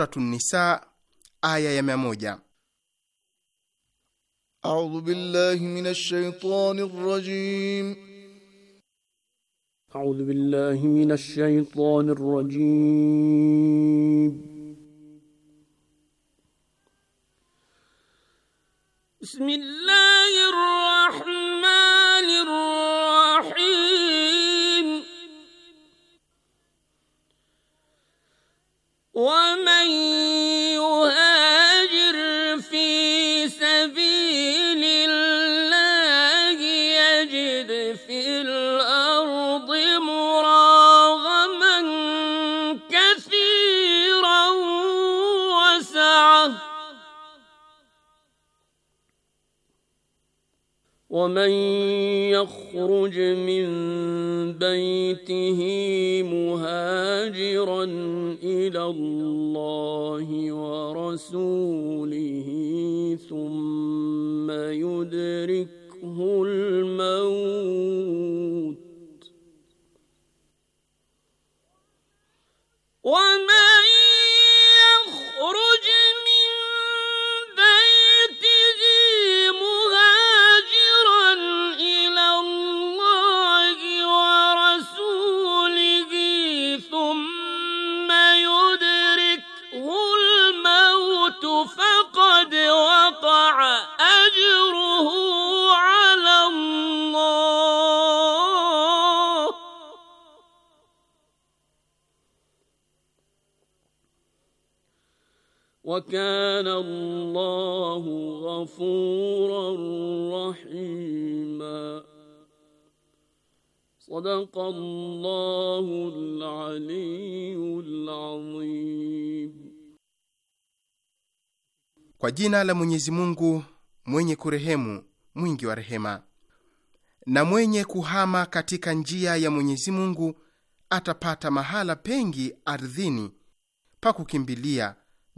Suratu Nisa aya ya mia moja. A'udhu billahi minash shaitani rajim. A'udhu billahi minash shaitani rajim. بسم في الأرض مراغما كثيرا وسعة ومن يخرج من بيته مهاجرا إلى الله ورسوله ثم يدرك kana Allahu ghafuran rahima. Sadaqa Allahul Aliyyul Azim. Kwa jina la Mwenyezi Mungu mwenye kurehemu mwingi wa rehema. Na mwenye kuhama katika njia ya Mwenyezi Mungu atapata mahala pengi ardhini pa kukimbilia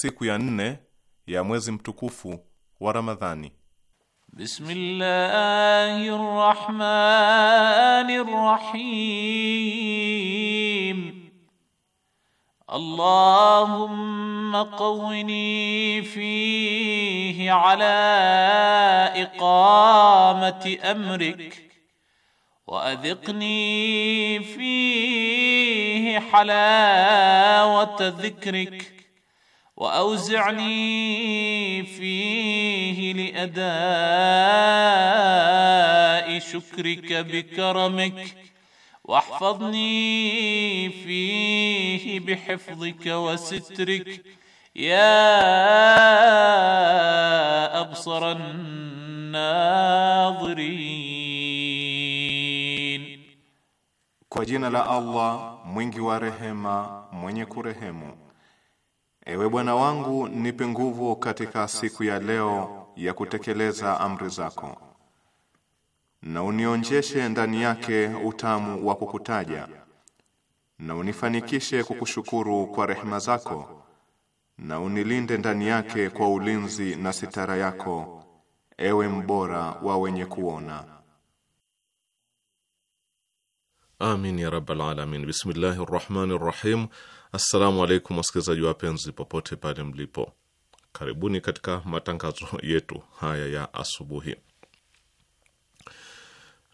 siku ya nne ya mwezi mtukufu wa Ramadhani. Bismillahir Rahmanir Rahim. اللهم قوني فيه على إقامة أمرك وأذقني فيه حلاوة ذكرك واوزعني فيه لاداء شكرك بكرمك واحفظني فيه بحفظك وسترك يا ابصر الناظرين kwa jina la allah mwingi wa rehema mwenye kurehemu Ewe Bwana wangu, nipe nguvu katika siku ya leo ya kutekeleza amri zako, na unionjeshe ndani yake utamu wa kukutaja, na unifanikishe kukushukuru kwa rehema zako, na unilinde ndani yake kwa ulinzi na sitara yako, ewe mbora wa wenye kuona. Amin ya rabbal alamin. Bismillahir rahmanir rahim Assalamu alaikum wasikilizaji wapenzi, popote pale mlipo, karibuni katika matangazo yetu haya ya asubuhi.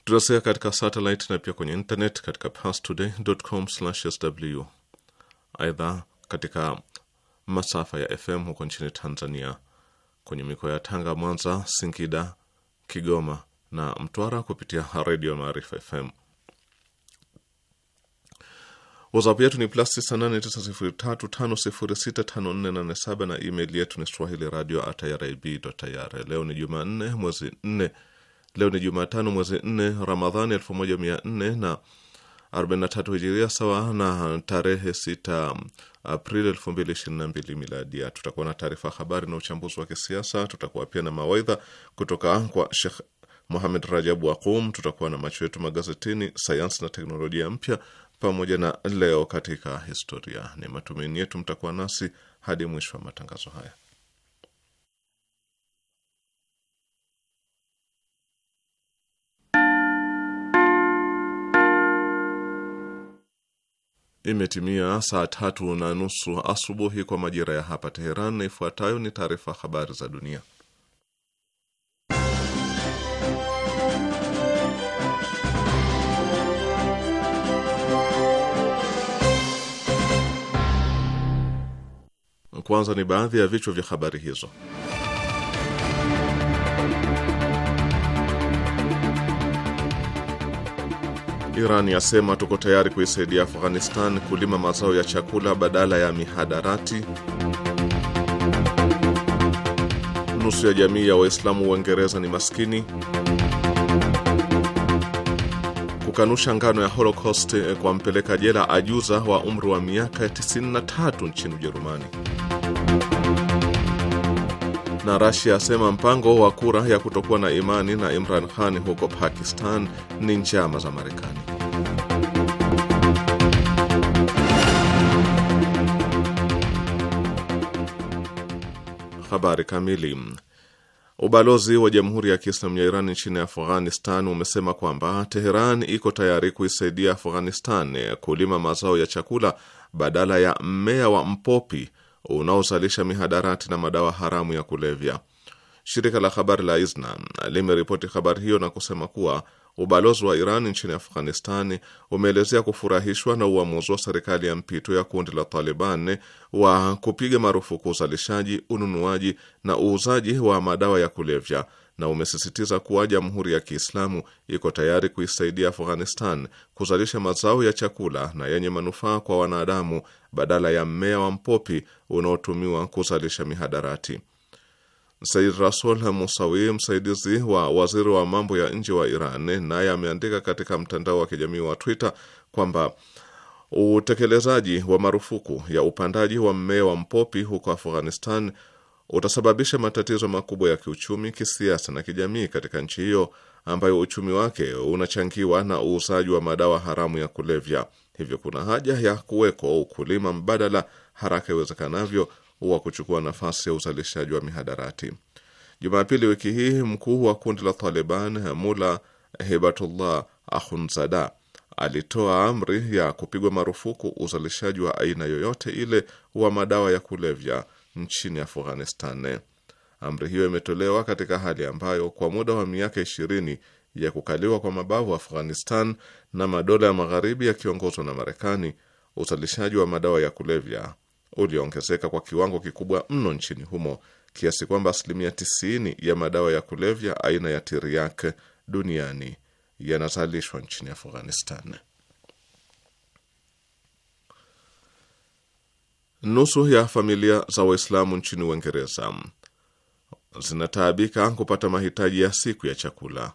Tunasikia katika satellite na pia kwenye internet katika pastodaycom sw Aidha, katika masafa ya FM huko nchini Tanzania, kwenye mikoa ya Tanga, Mwanza, Singida, Kigoma na Mtwara kupitia Redio Maarifa FM. WhatsApp yetu ni plus 989035065487 na email yetu ni swahili radio @irib.ir. Leo ni Jumanne mwezi nne leo ni Jumatano mwezi nne Ramadhani 1443 hijiria sawa na tarehe 6 Aprili 2022 miladia. Tutakuwa na taarifa habari na uchambuzi wa kisiasa, tutakuwa pia na mawaidha kutoka kwa Sheikh Mohamed Rajabu Waqum, tutakuwa na macho yetu magazetini, sayansi na teknolojia mpya pamoja na leo katika historia. Ni matumaini yetu mtakuwa nasi hadi mwisho wa matangazo haya. Imetimia saa tatu na nusu asubuhi kwa majira ya hapa Teheran, na ifuatayo ni taarifa habari za dunia. Kwanza ni baadhi ya vichwa vya habari hizo. Iran yasema tuko tayari kuisaidia Afghanistan kulima mazao ya chakula badala ya mihadarati. Nusu ya jamii ya Waislamu waingereza Uingereza ni maskini. Kukanusha ngano ya Holocaust eh, kwa mpeleka jela ajuza wa umri wa miaka 93 nchini Ujerumani na Rasia asema mpango wa kura ya kutokuwa na imani na Imran Khan huko Pakistan ni njama za Marekani. Habari kamili. Ubalozi wa Jamhuri ya Kiislamu ya Iran nchini Afghanistan umesema kwamba Teheran iko tayari kuisaidia Afghanistan kulima mazao ya chakula badala ya mmea wa mpopi unaozalisha mihadarati na madawa haramu ya kulevya. Shirika la habari la ISNA limeripoti habari hiyo na kusema kuwa ubalozi wa Iran nchini Afghanistani umeelezea kufurahishwa na uamuzi wa serikali ya mpito ya kundi la Taliban wa kupiga marufuku uzalishaji, ununuaji na uuzaji wa madawa ya kulevya na umesisitiza kuwa Jamhuri ya Kiislamu iko tayari kuisaidia Afghanistan kuzalisha mazao ya chakula na yenye manufaa kwa wanadamu badala ya mmea wa mpopi unaotumiwa kuzalisha mihadarati. Said Rasul Musawi, msaidizi wa waziri wa mambo ya nje wa Iran, naye ameandika katika mtandao wa kijamii wa Twitter kwamba utekelezaji wa marufuku ya upandaji wa mmea wa mpopi huko Afghanistan utasababisha matatizo makubwa ya kiuchumi, kisiasa na kijamii katika nchi hiyo ambayo uchumi wake unachangiwa na uuzaji wa madawa haramu ya kulevya. Hivyo kuna haja ya kuwekwa ukulima mbadala haraka iwezekanavyo wa kuchukua nafasi ya uzalishaji wa mihadarati. Jumapili wiki hii mkuu wa kundi la Taliban Mula Hibatullah ahunzada alitoa amri ya kupigwa marufuku uzalishaji wa aina yoyote ile wa madawa ya kulevya nchini Afghanistan. Amri hiyo imetolewa katika hali ambayo kwa muda wa miaka ishirini ya kukaliwa kwa mabavu Afghanistan na madola ya magharibi yakiongozwa na Marekani, uzalishaji wa madawa ya kulevya uliongezeka kwa kiwango kikubwa mno nchini humo kiasi kwamba asilimia 90 ya madawa ya kulevya aina ya tiriak duniani yanazalishwa nchini Afghanistan. Nusu ya familia za Waislamu nchini Uingereza zinataabika kupata mahitaji ya siku ya chakula.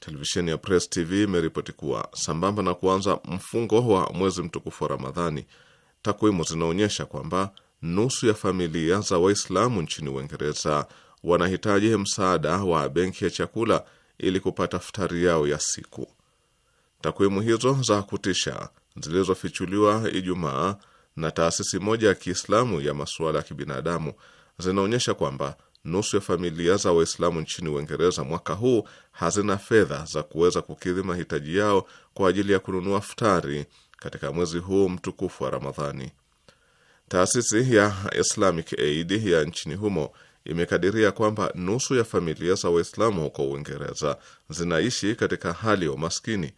Televisheni ya Press TV imeripoti kuwa sambamba na kuanza mfungo wa mwezi mtukufu wa Ramadhani, takwimu zinaonyesha kwamba nusu ya familia za Waislamu nchini Uingereza wanahitaji msaada wa benki ya chakula ili kupata futari yao ya siku. Takwimu hizo za kutisha zilizofichuliwa Ijumaa na taasisi moja ya Kiislamu ya masuala ya kibinadamu zinaonyesha kwamba nusu ya familia za Waislamu nchini Uingereza mwaka huu hazina fedha za kuweza kukidhi mahitaji yao kwa ajili ya kununua futari katika mwezi huu mtukufu wa Ramadhani. Taasisi ya Islamic Aid ya nchini humo imekadiria kwamba nusu ya familia za Waislamu huko Uingereza zinaishi katika hali ya umaskini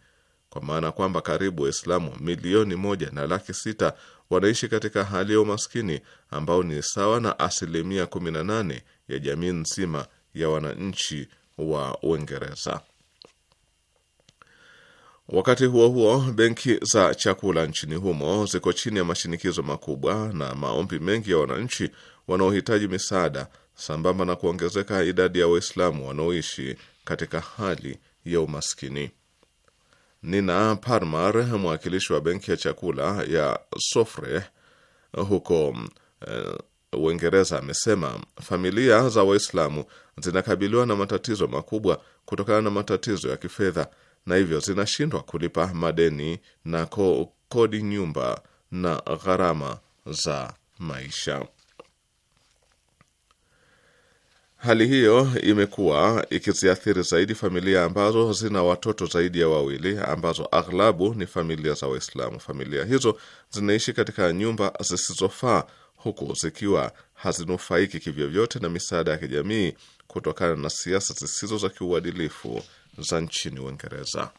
kwa maana kwamba karibu Waislamu milioni moja na laki sita wanaishi katika hali ya umaskini ambao ni sawa na asilimia 18 ya jamii nzima ya wananchi wa Uingereza. Wakati huo huo, benki za chakula nchini humo ziko chini ya mashinikizo makubwa na maombi mengi ya wananchi wanaohitaji misaada, sambamba na kuongezeka idadi ya Waislamu wanaoishi katika hali ya umaskini. Nina Parmar, mwakilishi wa benki ya chakula ya Sofre huko eh, Uingereza, amesema familia za Waislamu zinakabiliwa na matatizo makubwa kutokana na matatizo ya kifedha na hivyo zinashindwa kulipa madeni na kodi nyumba na gharama za maisha. Hali hiyo imekuwa ikiziathiri zaidi familia ambazo zina watoto zaidi ya wawili, ambazo aghlabu ni familia za Waislamu. Familia hizo zinaishi katika nyumba zisizofaa, huku zikiwa hazinufaiki kivyovyote na misaada ya kijamii kutokana na siasa zisizo za kiuadilifu za nchini Uingereza.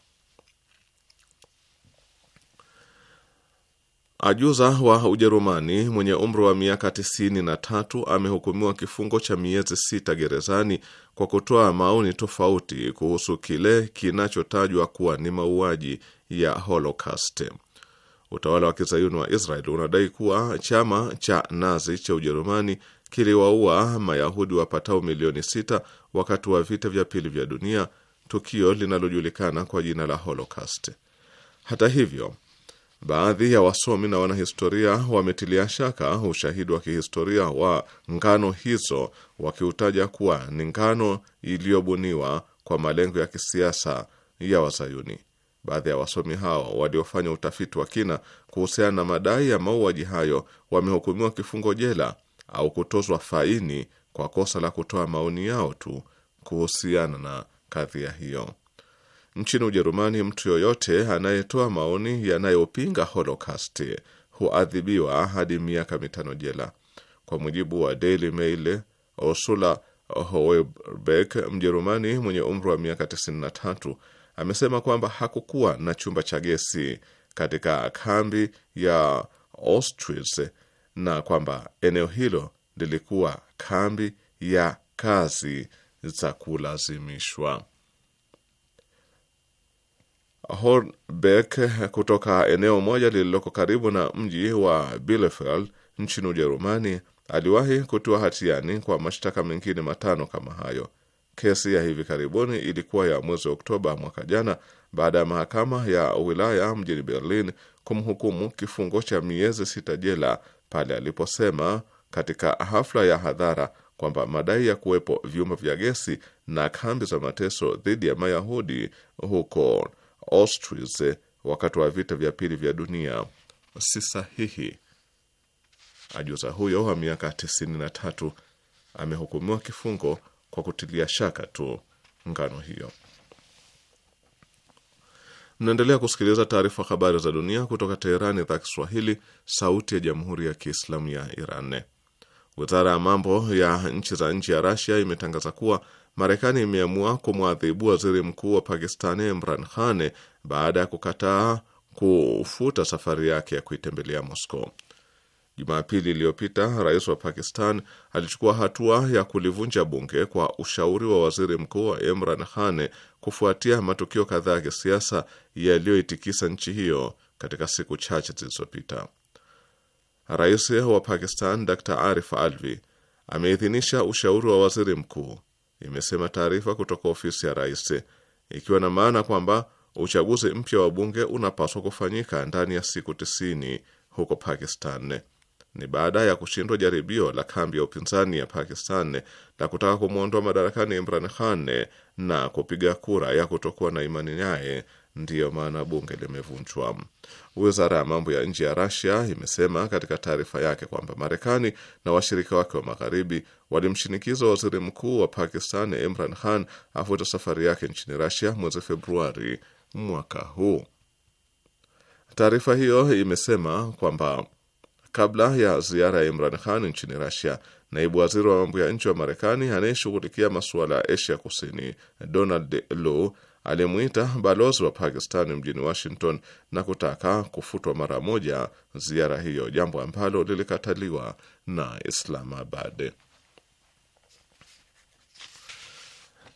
Ajuza wa Ujerumani mwenye umri wa miaka 93 amehukumiwa kifungo cha miezi sita gerezani kwa kutoa maoni tofauti kuhusu kile kinachotajwa kuwa ni mauaji ya Holocaust. Utawala wa kizayuni wa Israel unadai kuwa chama cha Nazi cha Ujerumani kiliwaua Mayahudi wapatao milioni sita wakati wa vita vya pili vya dunia, tukio linalojulikana kwa jina la Holocaust. Hata hivyo Baadhi ya wasomi na wanahistoria wametilia shaka ushahidi wa kihistoria wa ngano hizo, wakiutaja kuwa ni ngano iliyobuniwa kwa malengo ya kisiasa ya Wazayuni. Baadhi ya wasomi hao waliofanya utafiti wa kina kuhusiana na madai ya mauaji hayo wamehukumiwa kifungo jela au kutozwa faini kwa kosa la kutoa maoni yao tu kuhusiana na kadhia hiyo. Nchini Ujerumani, mtu yoyote anayetoa maoni yanayopinga holocast huadhibiwa hadi miaka mitano jela. Kwa mujibu wa Daily Mail, Ursula Hoebek, Mjerumani mwenye umri wa miaka 93, amesema kwamba hakukuwa na chumba cha gesi katika kambi ya Auschwitz na kwamba eneo hilo lilikuwa kambi ya kazi za kulazimishwa. Hornbeck kutoka eneo moja lililoko karibu na mji wa Bielefeld nchini Ujerumani aliwahi kutua hatiani kwa mashtaka mengine matano kama hayo. Kesi ya hivi karibuni ilikuwa ya mwezi Oktoba mwaka jana baada ya mahakama ya wilaya mjini Berlin kumhukumu kifungo cha miezi sita jela pale aliposema katika hafla ya hadhara kwamba madai ya kuwepo vyumba vya gesi na kambi za mateso dhidi ya Mayahudi huko Auschwitz eh, wakati wa vita vya pili vya dunia si sahihi. Ajuza huyo wa miaka 93 amehukumiwa kifungo kwa kutilia shaka tu ngano hiyo. Mnaendelea kusikiliza taarifa habari za dunia kutoka Teherani, idhaa Kiswahili, sauti ya jamhuri ya kiislamu ya Iran. Wizara ya mambo ya nchi za nje ya Rasia imetangaza kuwa Marekani imeamua kumwadhibu waziri mkuu wa Pakistani Imran Khan baada ya kukataa kufuta safari yake ya kuitembelea Moscow. Jumapili iliyopita rais wa Pakistan alichukua hatua ya kulivunja bunge kwa ushauri wa waziri mkuu wa Imran Khan kufuatia matukio kadhaa ya kisiasa yaliyoitikisa nchi hiyo katika siku chache zilizopita. Rais wa Pakistan Dr Arif Alvi ameidhinisha ushauri wa waziri mkuu imesema taarifa kutoka ofisi ya rais, ikiwa na maana kwamba uchaguzi mpya wa bunge unapaswa kufanyika ndani ya siku tisini huko Pakistan. Ni baada ya kushindwa jaribio la kambi ya upinzani ya Pakistan la kutaka kumwondoa madarakani Imran Khan na kupiga kura ya kutokuwa na imani naye Ndiyo maana bunge limevunjwa. Wizara ya mambo ya nje ya Rasia imesema katika taarifa yake kwamba Marekani na washirika wake wa magharibi walimshinikiza waziri mkuu wa Pakistan Imran Khan afute safari yake nchini Rasia mwezi Februari mwaka huu. Taarifa hiyo imesema kwamba kabla ya ziara ya Imran Khan nchini Rasia, naibu waziri wa mambo ya nje wa Marekani anayeshughulikia masuala ya Asia Kusini Donald Lu alimwita balozi wa Pakistani mjini Washington na kutaka kufutwa mara moja ziara hiyo, jambo ambalo lilikataliwa na Islamabad.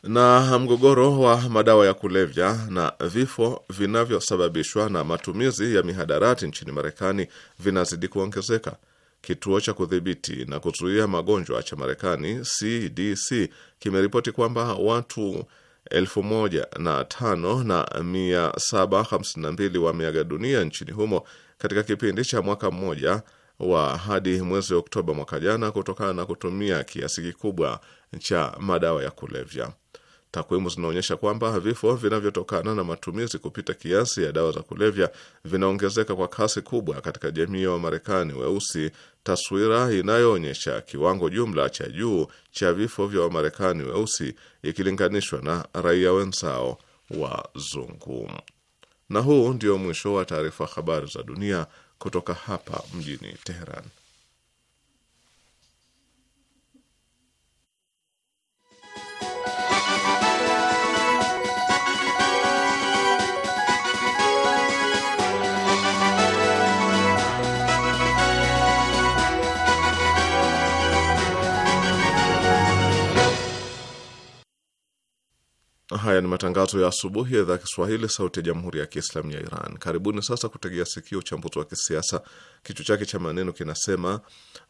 Na mgogoro wa madawa ya kulevya na vifo vinavyosababishwa na matumizi ya mihadarati nchini Marekani vinazidi kuongezeka. Kituo cha kudhibiti na kuzuia magonjwa cha Marekani CDC kimeripoti kwamba watu elfu moja na tano na mia saba hamsini na mbili wameaga dunia nchini humo katika kipindi cha mwaka mmoja wa hadi mwezi Oktoba mwaka jana kutokana na kutumia kiasi kikubwa cha madawa ya kulevya. Takwimu zinaonyesha kwamba vifo vinavyotokana na matumizi kupita kiasi ya dawa za kulevya vinaongezeka kwa kasi kubwa katika jamii ya Wamarekani weusi, taswira inayoonyesha kiwango jumla cha juu cha vifo vya Wamarekani weusi ikilinganishwa na raia wenzao wazungu. Na huu ndio mwisho wa taarifa habari za dunia kutoka hapa mjini Teheran. Haya ni matangazo ya asubuhi ya idhaa ya Kiswahili, sauti ya jamhuri ya kiislamu ya Iran. Karibuni sasa kutegea sikio uchambuzi wa kisiasa, kichwa chake cha maneno kinasema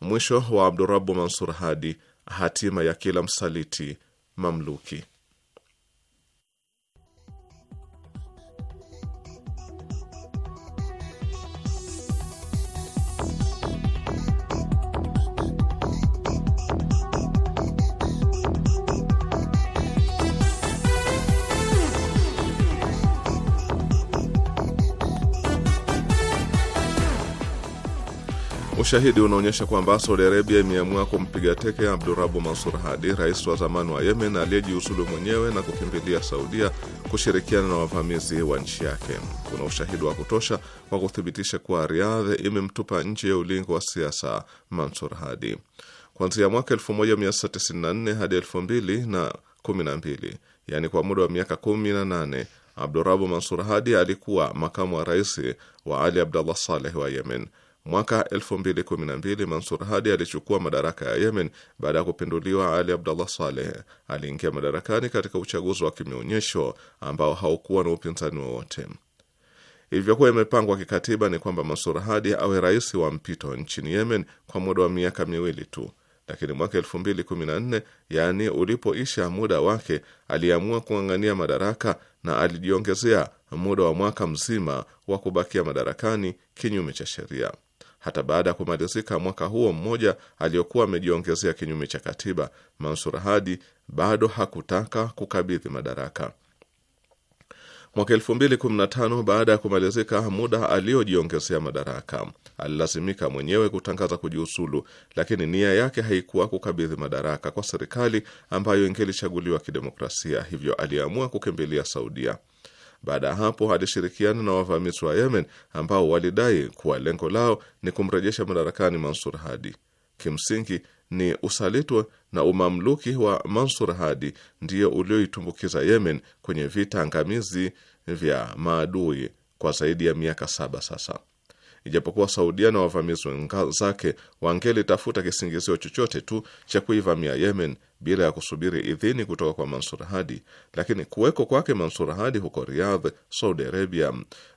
mwisho wa Abdurabu Mansur Hadi, hatima ya kila msaliti mamluki. Ushahidi unaonyesha kwamba Saudi Arabia imeamua kumpiga teke Abdurabu Mansur Hadi, rais wa zamani wa Yemen aliyejiuzulu mwenyewe na kukimbilia Saudia kushirikiana na wavamizi wa nchi yake. Kuna ushahidi wa kutosha wa kuthibitisha kuwa Riyadh imemtupa nje ya ulingo wa siasa Mansur Hadi. Kuanzia mwaka 1994 hadi 2012, yani kwa muda wa miaka 18, Abdurabu Mansur Hadi alikuwa makamu wa rais wa Ali Abdullah Saleh wa Yemen. Mwaka 2012 Mansur Hadi alichukua madaraka ya Yemen baada ya kupinduliwa Ali Abdullah Saleh. Aliingia madarakani katika uchaguzi wa kimeonyesho ambao haukuwa na upinzani wowote. Ilivyokuwa imepangwa kikatiba ni kwamba Mansur Hadi awe rais wa mpito nchini Yemen kwa muda wa miaka miwili tu, lakini mwaka 2014, yaani ulipoisha muda wake, aliamua kung'ang'ania madaraka na alijiongezea muda wa mwaka mzima wa kubakia madarakani kinyume cha sheria hata baada ya kumalizika mwaka huo mmoja aliyokuwa amejiongezea kinyume cha katiba. Mansur Hadi bado hakutaka kukabidhi madaraka. Mwaka tano baada ya kumalizika muda aliyojiongezea madaraka, alilazimika mwenyewe kutangaza kujiuzulu, lakini nia yake haikuwa kukabidhi madaraka kwa serikali ambayo ingelichaguliwa kidemokrasia, hivyo aliamua kukimbilia Saudia. Baada ya hapo alishirikiana na wavamizi wa Yemen ambao walidai kuwa lengo lao ni kumrejesha madarakani Mansur Hadi. Kimsingi ni usalitwa na umamluki wa Mansur Hadi ndiyo ulioitumbukiza Yemen kwenye vita angamizi vya maadui kwa zaidi ya miaka saba sasa ijapokuwa Saudia na wavamizi wenzake wangelitafuta kisingizio chochote tu cha kuivamia Yemen bila ya kusubiri idhini kutoka kwa Mansur Hadi, lakini kuweko kwake Mansur Hadi huko Riyadh, Saudi Arabia,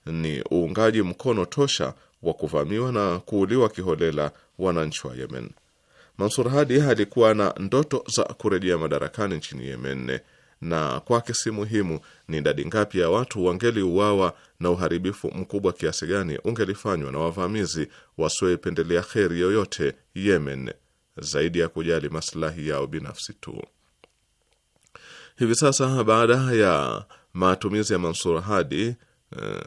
ni uungaji mkono tosha wa kuvamiwa na kuuliwa kiholela wananchi wa Yemen. Mansur Hadi alikuwa na ndoto za kurejea madarakani nchini Yemen na kwake si muhimu ni idadi ngapi ya watu wangeliuawa na uharibifu mkubwa kiasi gani ungelifanywa na wavamizi wasioipendelea kheri yoyote Yemen zaidi ya kujali maslahi yao binafsi tu. Hivi sasa baada ya matumizi ya Mansur Hadi eh,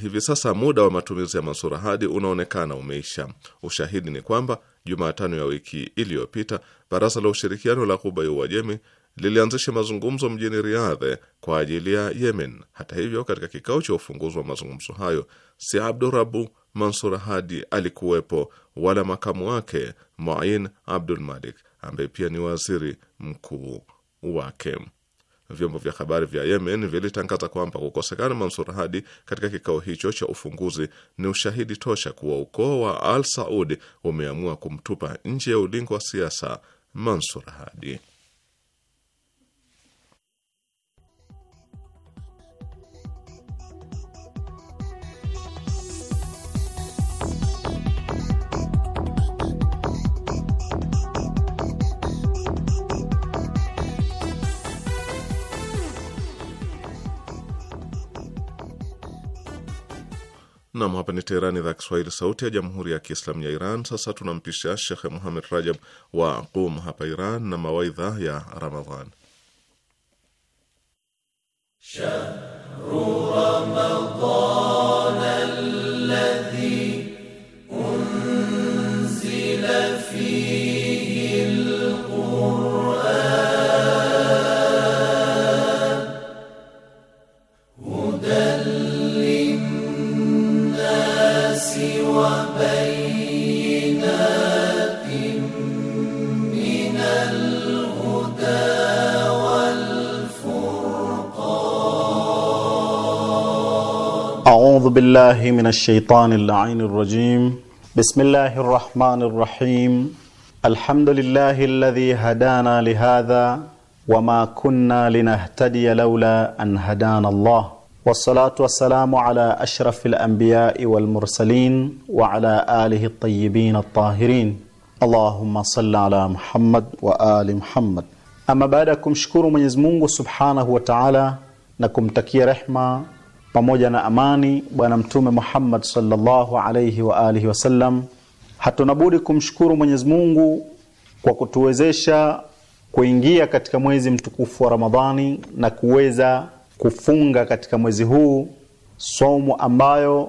hivi sasa muda wa matumizi ya Mansur Hadi unaonekana umeisha. Ushahidi ni kwamba Jumatano ya wiki iliyopita baraza la ushirikiano la Ghuba ya Uajemi lilianzisha mazungumzo mjini riadhe kwa ajili ya Yemen. Hata hivyo, katika kikao cha ufunguzi wa mazungumzo hayo si Abdurabu Mansur Hadi alikuwepo wala makamu wake main Abdul Malik ambaye pia ni waziri mkuu wake. Vyombo vya habari vya Yemen vilitangaza kwamba kukosekana Mansur Hadi katika kikao hicho cha ufunguzi ni ushahidi tosha kuwa ukoo wa Al Saud umeamua kumtupa nje ya ulingo wa siasa Mansur Hadi. Nam, hapa ni Teherani, idhaa Kiswahili, sauti ya jamhuri ya kiislamu ya Iran. Sasa tunampisha shekhe Muhamed Rajab wa Qum hapa Iran na mawaidha ya Ramadhan. Shahru Ramadhan أعوذ بالله من الشيطان اللعين الرجيم بسم الله الرحمن الرحيم الحمد لله الذي هدانا لهذا وما كنا لنهتدي لولا أن هدانا الله والصلاة والسلام على أشرف الأنبياء والمرسلين وعلى آله الطيبين الطاهرين اللهم صل على محمد وآل محمد أما بعدكم شكر من يزمونه سبحانه وتعالى نكم تكي رحمة pamoja na amani Bwana Mtume Muhammad sallallahu alayhi wa alihi wasallam. Hatuna budi kumshukuru Mwenyezi Mungu kwa kutuwezesha kuingia katika mwezi mtukufu wa Ramadhani na kuweza kufunga katika mwezi huu saumu, ambayo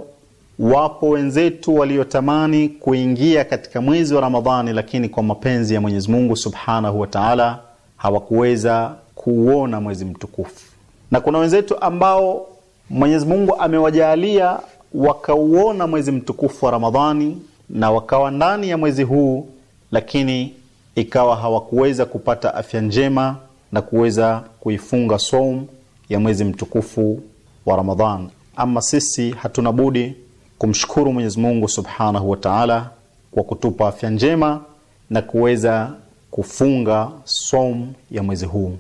wapo wenzetu waliotamani kuingia katika mwezi wa Ramadhani, lakini kwa mapenzi ya Mwenyezi Mungu Subhanahu wa Ta'ala hawakuweza kuuona mwezi mtukufu, na kuna wenzetu ambao Mwenyezi Mungu amewajalia wakauona mwezi mtukufu wa Ramadhani na wakawa ndani ya mwezi huu, lakini ikawa hawakuweza kupata afya njema na kuweza kuifunga somu ya mwezi mtukufu wa Ramadhani. Ama sisi hatuna budi kumshukuru Mwenyezi Mungu Subhanahu wa Ta'ala kwa kutupa afya njema na kuweza kufunga somu ya mwezi huu.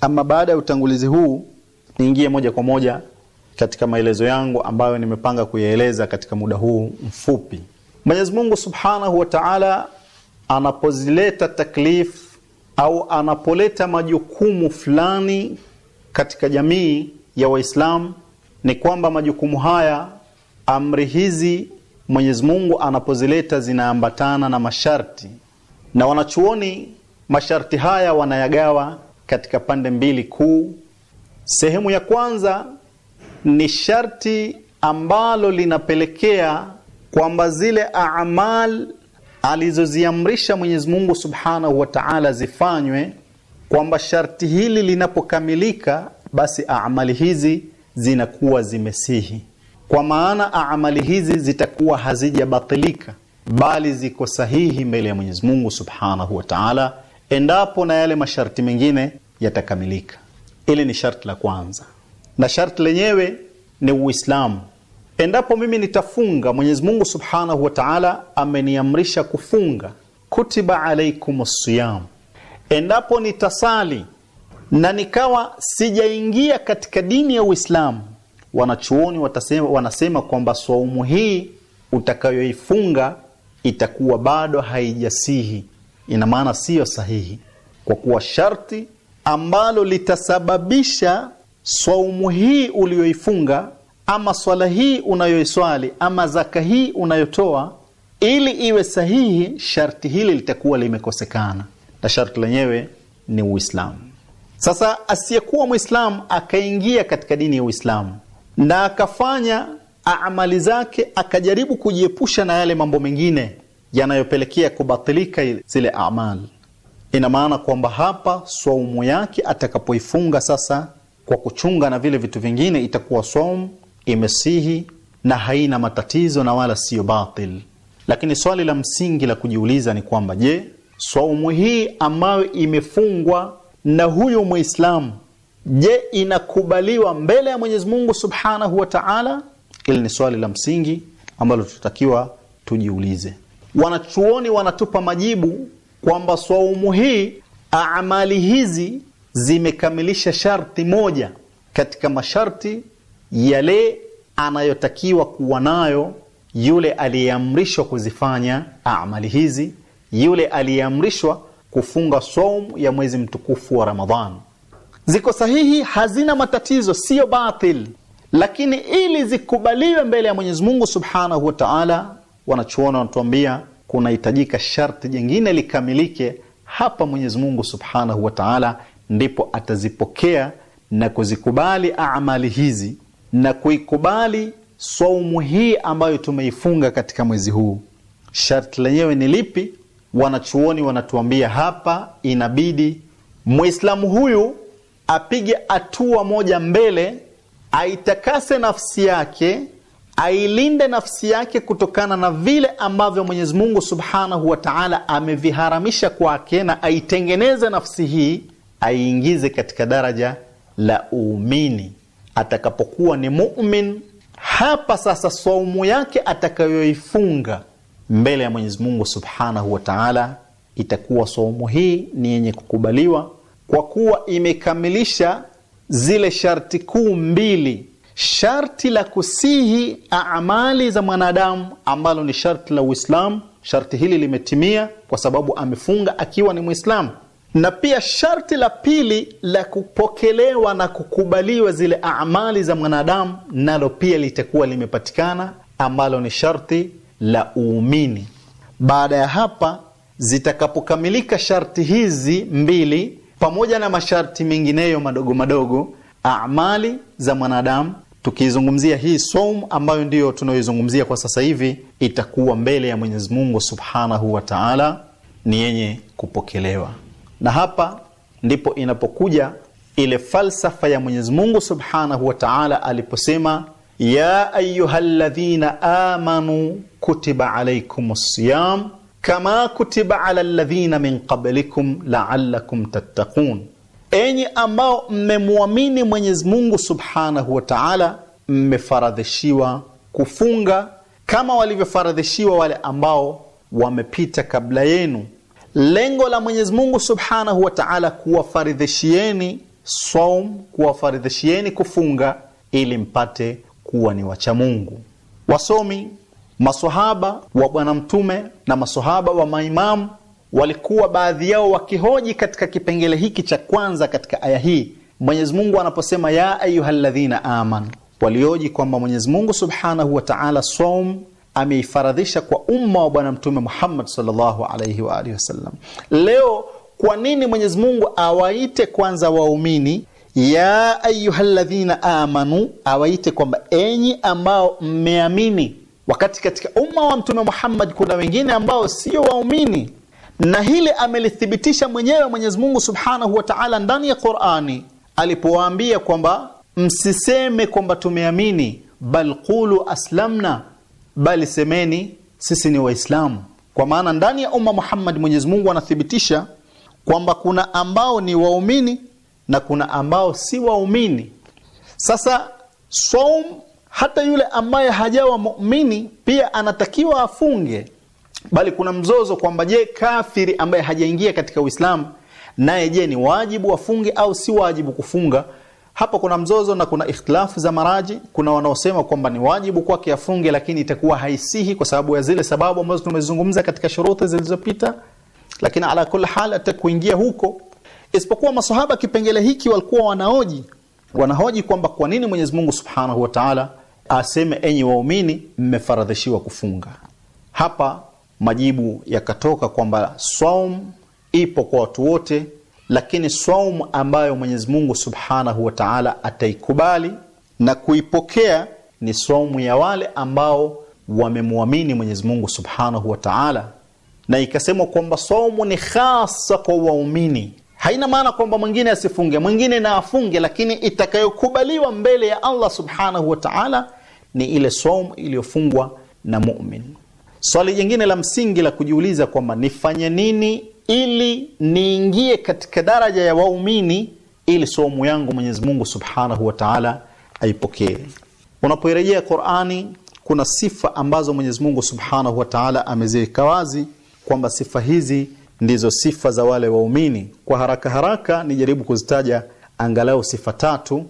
Ama baada ya utangulizi huu, niingie moja kwa moja katika maelezo yangu ambayo nimepanga kuyaeleza katika muda huu mfupi. Mwenyezi Mungu Subhanahu wa Ta'ala anapozileta taklif au anapoleta majukumu fulani katika jamii ya Waislamu ni kwamba majukumu haya, amri hizi Mwenyezi Mungu anapozileta zinaambatana na masharti, na wanachuoni masharti haya wanayagawa katika pande mbili kuu. Sehemu ya kwanza ni sharti ambalo linapelekea kwamba zile amal alizoziamrisha Mwenyezi Mungu Subhanahu wa Ta'ala zifanywe, kwamba sharti hili linapokamilika, basi amali hizi zinakuwa zimesihi, kwa maana amali hizi zitakuwa hazijabatilika, bali ziko sahihi mbele ya Mwenyezi Mungu Subhanahu wa Ta'ala, endapo na yale masharti mengine yatakamilika. Ile ni sharti la kwanza na sharti lenyewe ni Uislamu. Endapo mimi nitafunga, Mwenyezi Mungu subhanahu wa taala ameniamrisha kufunga, kutiba alaikum siyam. Endapo nitasali na nikawa sijaingia katika dini ya Uislamu, wanachuoni watasema, wanasema kwamba swaumu hii utakayoifunga itakuwa bado haijasihi, ina maana siyo sahihi, kwa kuwa sharti ambalo litasababisha swaumu hii uliyoifunga ama swala hii unayoiswali ama zaka hii unayotoa, ili iwe sahihi, sharti hili litakuwa limekosekana, na sharti lenyewe ni Uislamu. Sasa asiyekuwa Mwislamu akaingia katika dini ya Uislamu na akafanya amali zake, akajaribu kujiepusha na yale mambo mengine yanayopelekea kubatilika zile amali, ina maana kwamba hapa swaumu yake atakapoifunga sasa kwa kuchunga na vile vitu vingine, itakuwa som imesihi na haina matatizo na wala siyo batil. Lakini swali la msingi la kujiuliza ni kwamba je, saumu hii ambayo imefungwa na huyu Muislamu, je, inakubaliwa mbele ya Mwenyezi Mungu subhanahu wa taala? Hili ni swali la msingi ambalo tunatakiwa tujiulize. Wanachuoni wanatupa majibu kwamba saumu hii, amali hizi zimekamilisha sharti moja katika masharti yale anayotakiwa kuwa nayo yule aliyeamrishwa kuzifanya amali hizi, yule aliyeamrishwa kufunga saumu ya mwezi mtukufu wa Ramadhani. Ziko sahihi, hazina matatizo, siyo batil, lakini ili zikubaliwe mbele ya Mwenyezi Mungu subhanahu wa taala, wanachuona wanatuambia kunahitajika sharti jingine likamilike hapa Mwenyezi Mungu subhanahu wa taala ndipo atazipokea na kuzikubali amali hizi na kuikubali saumu hii ambayo tumeifunga katika mwezi huu. Sharti lenyewe ni lipi? Wanachuoni wanatuambia hapa, inabidi mwislamu huyu apige hatua moja mbele, aitakase nafsi yake, ailinde nafsi yake kutokana na vile ambavyo Mwenyezi Mungu subhanahu wa taala ameviharamisha kwake, na aitengeneze nafsi hii aiingize katika daraja la uumini. Atakapokuwa ni mumin, hapa sasa saumu yake atakayoifunga mbele ya Mwenyezi Mungu subhanahu wa taala itakuwa saumu hii ni yenye kukubaliwa kwa kuwa imekamilisha zile sharti kuu mbili, sharti la kusihi amali za mwanadamu ambalo ni sharti la Uislamu. Sharti hili limetimia kwa sababu amefunga akiwa ni Mwislamu na pia sharti la pili la kupokelewa na kukubaliwa zile amali za mwanadamu nalo pia litakuwa limepatikana, ambalo ni sharti la uumini. Baada ya hapa, zitakapokamilika sharti hizi mbili pamoja na masharti mengineyo madogo madogo, amali za mwanadamu, tukiizungumzia hii som ambayo ndiyo tunayoizungumzia kwa sasa hivi, itakuwa mbele ya Mwenyezi Mungu subhanahu wa taala ni yenye kupokelewa. Na hapa ndipo inapokuja ile falsafa ya Mwenyezi Mungu Subhanahu wa Ta'ala aliposema ya ayyuhalladhina amanu kutiba alaikum siyam kama kutiba ala alladhina min qablikum la'allakum tattaqun, enyi ambao mmemwamini Mwenyezi Mungu Subhanahu wa Ta'ala, mmefaradhishiwa kufunga kama walivyofaradhishiwa wale ambao wamepita kabla yenu lengo la Mwenyezi Mungu Subhanahu wa Ta'ala kuwafaridhishieni saum, kuwafaridhishieni kufunga ili mpate kuwa ni wacha Mungu. Wasomi, masohaba wa Bwana Mtume na masohaba wa maimamu walikuwa baadhi yao wakihoji katika kipengele hiki cha kwanza katika aya hii Mwenyezi Mungu anaposema ya ladhina amanu, walioji kwamba Mwenyezi Mungu Subhanahu wa Ta'ala saum ameifaradhisha kwa umma wa Bwana Mtume Muhammad sallallahu alaihi wa alihi wasallam. Leo kwa nini Mwenyezi Mungu awaite kwanza waumini ya ladhina amanu, awaite kwamba enyi ambao mmeamini, wakati katika umma wa Mtume Muhammad kuna wengine ambao sio waumini, na hili amelithibitisha mwenyewe Mwenyezi Mungu subhanahu wa taala ndani ya Qurani alipowaambia kwamba msiseme kwamba tumeamini, bal qulu aslamna bali semeni sisi ni Waislamu. Kwa maana ndani ya umma Muhammad, Mwenyezi Mungu anathibitisha kwamba kuna ambao ni waumini na kuna ambao si waumini. Sasa saum, hata yule ambaye hajawa muumini pia anatakiwa afunge, bali kuna mzozo kwamba je, kafiri ambaye hajaingia katika Uislamu naye je, ni wajibu afunge au si wajibu kufunga? Hapo kuna mzozo na kuna ikhtilafu za maraji. Kuna wanaosema kwamba ni wajibu kwake afunge, lakini itakuwa haisihi kwa sababu ya zile sababu ambazo tumezungumza katika shuruti zilizopita, lakini ala kulli hal atakuingia huko, isipokuwa masahaba kipengele hiki walikuwa wanaoji wanahoji kwamba kwa nini Mwenyezi Mungu Subhanahu wa Ta'ala aseme enyi waumini mmefaradhishiwa kufunga. Hapa majibu yakatoka kwamba saum ipo kwa watu wote lakini swaumu ambayo Mwenyezi Mungu Subhanahu wa Ta'ala ataikubali na kuipokea ni swaumu ya wale ambao wamemwamini Mwenyezi Mungu Subhanahu wa Ta'ala, na ikasemwa kwamba swaumu ni hasa kwa waumini. Haina maana kwamba mwingine asifunge, mwingine na afunge, lakini itakayokubaliwa mbele ya Allah Subhanahu wa Ta'ala ni ile swaumu iliyofungwa na mumin. Swali jingine la msingi la kujiuliza kwamba nifanye nini ili niingie katika daraja ya waumini, ili somo yangu Mwenyezi Mungu Subhanahu wa Ta'ala aipokee. Unapoirejea Qur'ani, kuna sifa ambazo Mwenyezi Mungu Subhanahu wa Ta'ala ameziweka wazi kwamba sifa hizi ndizo sifa za wale waumini. Kwa haraka haraka nijaribu kuzitaja angalau sifa tatu.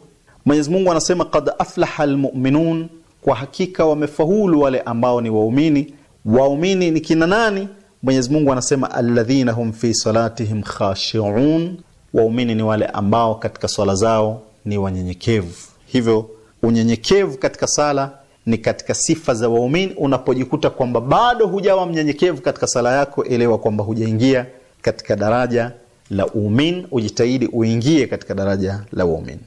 Mwenyezi Mungu anasema qad aflaha almu'minun, kwa hakika wamefaulu wale ambao ni waumini. Waumini ni kina nani? Mwenyezi Mungu anasema alladhina hum fi salatihim khashi'un, waumini ni wale ambao katika swala zao ni wanyenyekevu. Hivyo unyenyekevu katika sala ni katika sifa za waumini. Unapojikuta kwamba bado hujawa mnyenyekevu katika sala yako, elewa kwamba hujaingia katika daraja la uumini. Ujitahidi uingie katika daraja la waumini.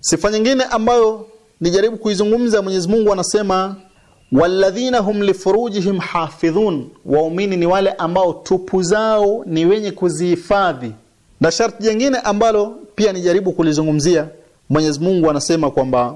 Sifa nyingine ambayo nijaribu kuizungumza, Mwenyezi Mungu anasema walladhina hum lifurujihim hafidhun, waumini ni wale ambao tupu zao ni wenye kuzihifadhi. Na sharti jingine ambalo pia nijaribu kulizungumzia, Mwenyezi Mungu anasema kwamba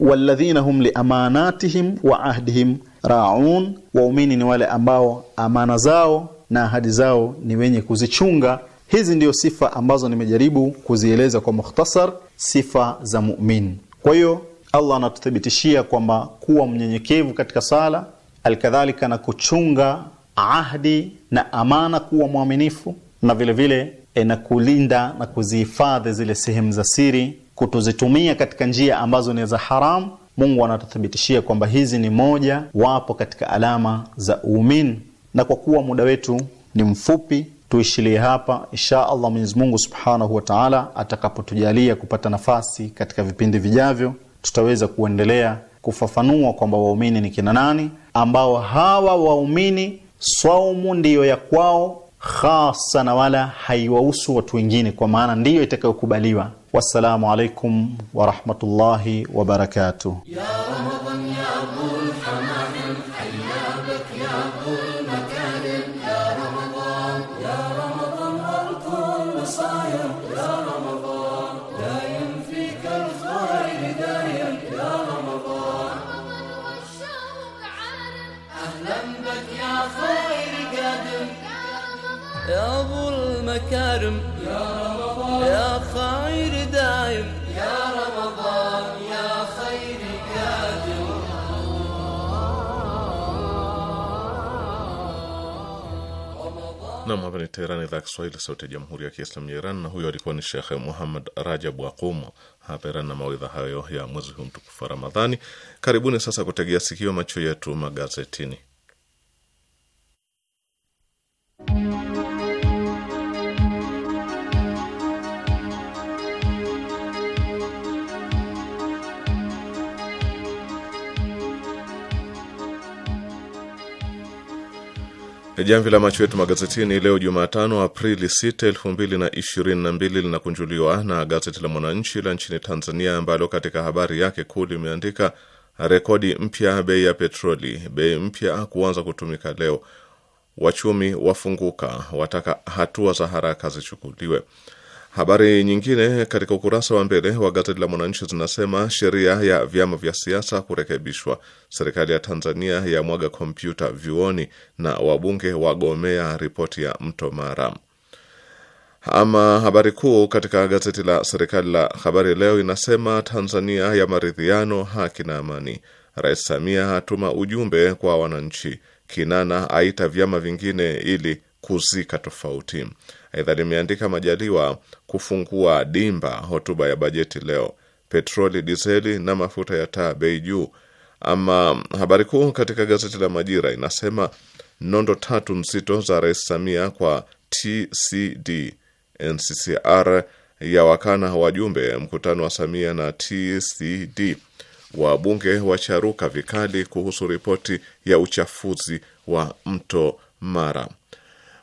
walladhina hum liamanatihim wa ahdihim raun, waumini ni wale ambao amana zao na ahadi zao ni wenye kuzichunga. Hizi ndiyo sifa ambazo nimejaribu kuzieleza kwa mukhtasar, sifa za muumini. Kwa hiyo Allah anatuthibitishia kwamba kuwa mnyenyekevu katika sala, alikadhalika na kuchunga ahdi na amana, kuwa mwaminifu na vilevile vile, e, na kulinda na kuzihifadhi zile sehemu za siri, kutozitumia katika njia ambazo ni za haramu. Mungu anatuthibitishia kwamba hizi ni moja wapo katika alama za umin Na kwa kuwa muda wetu ni mfupi, tuishilie hapa. Insha Allah, Mwenyezi Mungu subhanahu wa taala atakapotujalia kupata nafasi katika vipindi vijavyo tutaweza kuendelea kufafanua kwamba waumini ni kina nani, ambao hawa waumini swaumu ndiyo ya kwao khasa na wala haiwahusu watu wengine, kwa maana ndiyo itakayokubaliwa. Wassalamu alaikum warahmatullahi wabarakatuh. كرم يا رمضان يا خير دايم يا رمضان يا خير قادم Nam, hapa ni Teherani, idhaa ya Kiswahili, sauti ya jamhuri ya kiislamu ya Iran. Na huyo alikuwa ni Shekhe Muhammad Rajab Waqum hapa Iran na mawidha hayo ya mwezi huu mtukufu wa Ramadhani. Karibuni sasa kutegea sikio, macho yetu magazetini. Jamvi la macho yetu magazetini leo Jumatano, Aprili 6, 2022 linakunjuliwa na gazeti la Mwananchi la nchini Tanzania, ambalo katika habari yake kuu limeandika rekodi mpya bei ya petroli, bei mpya kuanza kutumika leo, wachumi wafunguka, wataka hatua za haraka zichukuliwe. Habari nyingine katika ukurasa wa mbele wa gazeti la Mwananchi zinasema sheria ya vyama vya siasa kurekebishwa, serikali ya Tanzania ya mwaga kompyuta vyuoni, na wabunge wagomea ripoti ya Mto Mara. Ama habari kuu katika gazeti la serikali la Habari Leo inasema Tanzania ya maridhiano, haki na amani. Rais Samia atuma ujumbe kwa wananchi. Kinana aita vyama vingine ili kuzika tofauti. Aidha limeandika Majaliwa kufungua dimba hotuba ya bajeti leo, petroli, diseli na mafuta ya taa bei juu. Ama habari kuu katika gazeti la Majira inasema nondo tatu nzito za Rais Samia kwa TCD. NCCR ya wakana wajumbe mkutano wa Samia na TCD. Wabunge wacharuka vikali kuhusu ripoti ya uchafuzi wa mto Mara.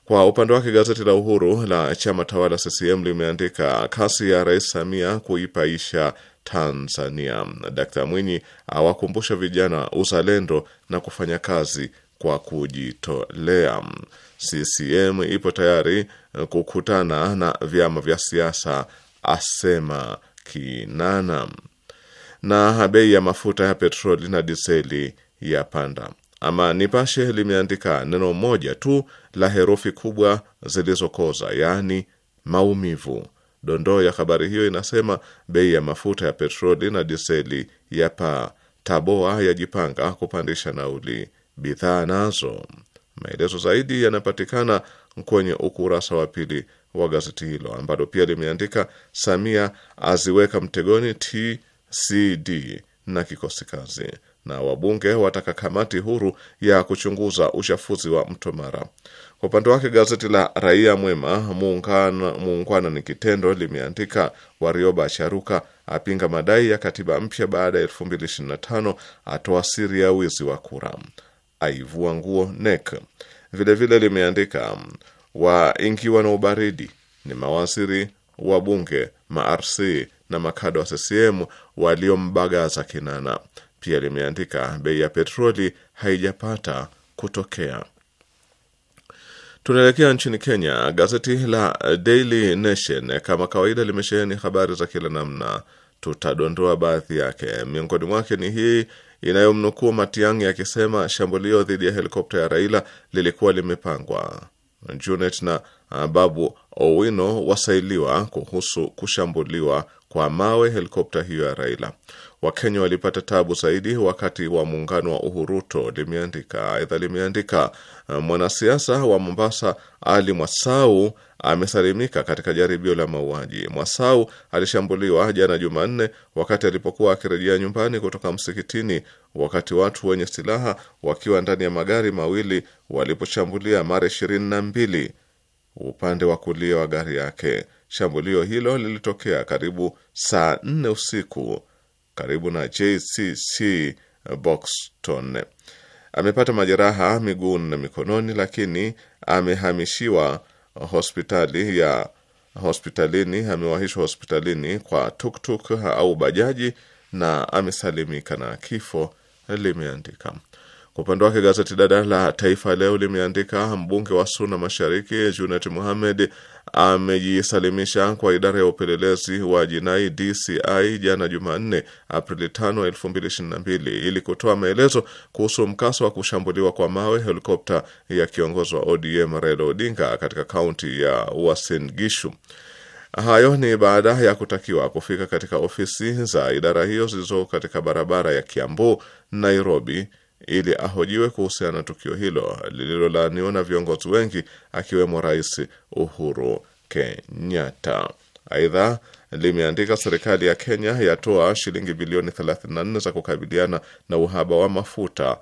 Kwa upande wake gazeti la Uhuru la chama tawala CCM limeandika kasi ya Rais Samia kuipaisha Tanzania. Dkt Mwinyi awakumbusha vijana uzalendo na kufanya kazi kwa kujitolea. CCM ipo tayari kukutana na vyama vya siasa, asema Kinana. Na bei ya mafuta ya petroli na diseli yapanda. Ama Nipashe limeandika neno moja tu la herufi kubwa zilizokoza, yaani maumivu. Dondoo ya habari hiyo inasema bei ya mafuta ya petroli na diseli ya paa, Taboa yajipanga kupandisha nauli bidhaa nazo. Maelezo zaidi yanapatikana kwenye ukurasa wa pili wa gazeti hilo ambalo pia limeandika Samia aziweka mtegoni TCD na kikosi kazi na wabunge wataka kamati huru ya kuchunguza uchafuzi wa mto Mara. Kwa upande wake gazeti la Raia Mwema, muungwana ni kitendo, limeandika Warioba acharuka, apinga madai ya katiba mpya baada ya 2025, atoa siri ya wizi wa kura, aivua nguo nek. Vilevile limeandika waingiwa na ubaridi ni mawaziri wa bunge ma RC na makada wa CCM waliombagaza Kinana. Pia limeandika bei ya petroli haijapata kutokea. Tunaelekea nchini Kenya. Gazeti la Daily Nation kama kawaida limesheheni habari za kila namna. Tutadondoa baadhi yake. Miongoni mwake ni hii inayomnukuu Matiang'i akisema shambulio dhidi ya helikopta ya Raila lilikuwa limepangwa. Junet na Babu Owino wasailiwa kuhusu kushambuliwa kwa mawe helikopta hiyo ya Raila. Wakenya walipata tabu zaidi wakati wa muungano wa uhuruto limeandika aidha, limeandika eh, mwanasiasa wa Mombasa Ali Mwasau amesalimika katika jaribio la mauaji. Mwasau alishambuliwa jana Jumanne wakati alipokuwa akirejea nyumbani kutoka msikitini, wakati watu wenye silaha wakiwa ndani ya magari mawili waliposhambulia mara ishirini na mbili upande wa kulia wa gari yake. Shambulio hilo lilitokea karibu saa nne usiku karibu na JCC Boxton. Amepata majeraha miguuni na mikononi, lakini amehamishiwa hospitali ya hospitalini, amewahishwa hospitalini kwa tuktuk -tuk au bajaji na amesalimika na kifo, limeandika. Kwa upande wake gazeti dada la Taifa Leo limeandika mbunge wa Suna Mashariki Junet Mohamed amejisalimisha kwa idara ya upelelezi wa jinai DCI jana Jumanne, Aprili 5, 2022 ili kutoa maelezo kuhusu mkasa wa kushambuliwa kwa mawe helikopta ya kiongozi wa ODM Raila Odinga katika kaunti ya Uasin Gishu. Hayo ni baada ya kutakiwa kufika katika ofisi za idara hiyo zilizo katika barabara ya Kiambu, Nairobi ili ahojiwe kuhusiana na tukio hilo lililolaaniwa na viongozi wengi akiwemo Rais Uhuru Kenyatta. Aidha, limeandika serikali ya Kenya yatoa shilingi bilioni 34 za kukabiliana na uhaba wa mafuta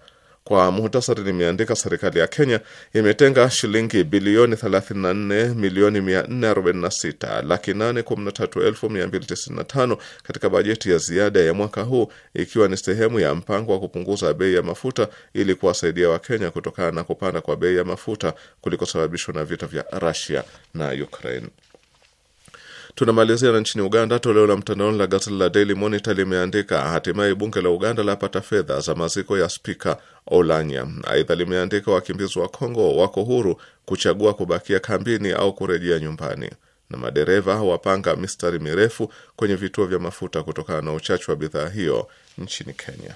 kwa muhtasari, limeandika serikali ya Kenya imetenga shilingi bilioni 34 milioni 446 laki 813,295 katika bajeti ya ziada ya mwaka huu ikiwa ni sehemu ya mpango wa kupunguza bei ya mafuta ili kuwasaidia Wakenya kutokana na kupanda kwa bei ya mafuta kulikosababishwa na vita vya Russia na Ukraine. Tunamalizia na nchini Uganda. Toleo la mtandaoni la gazeti la Daily Monitor limeandika hatimaye bunge la Uganda lapata fedha za maziko ya spika Olanya. Aidha limeandika wakimbizi wa Kongo wako huru kuchagua kubakia kambini au kurejea nyumbani, na madereva wapanga mistari mirefu kwenye vituo vya mafuta kutokana na uchache wa bidhaa hiyo nchini Kenya.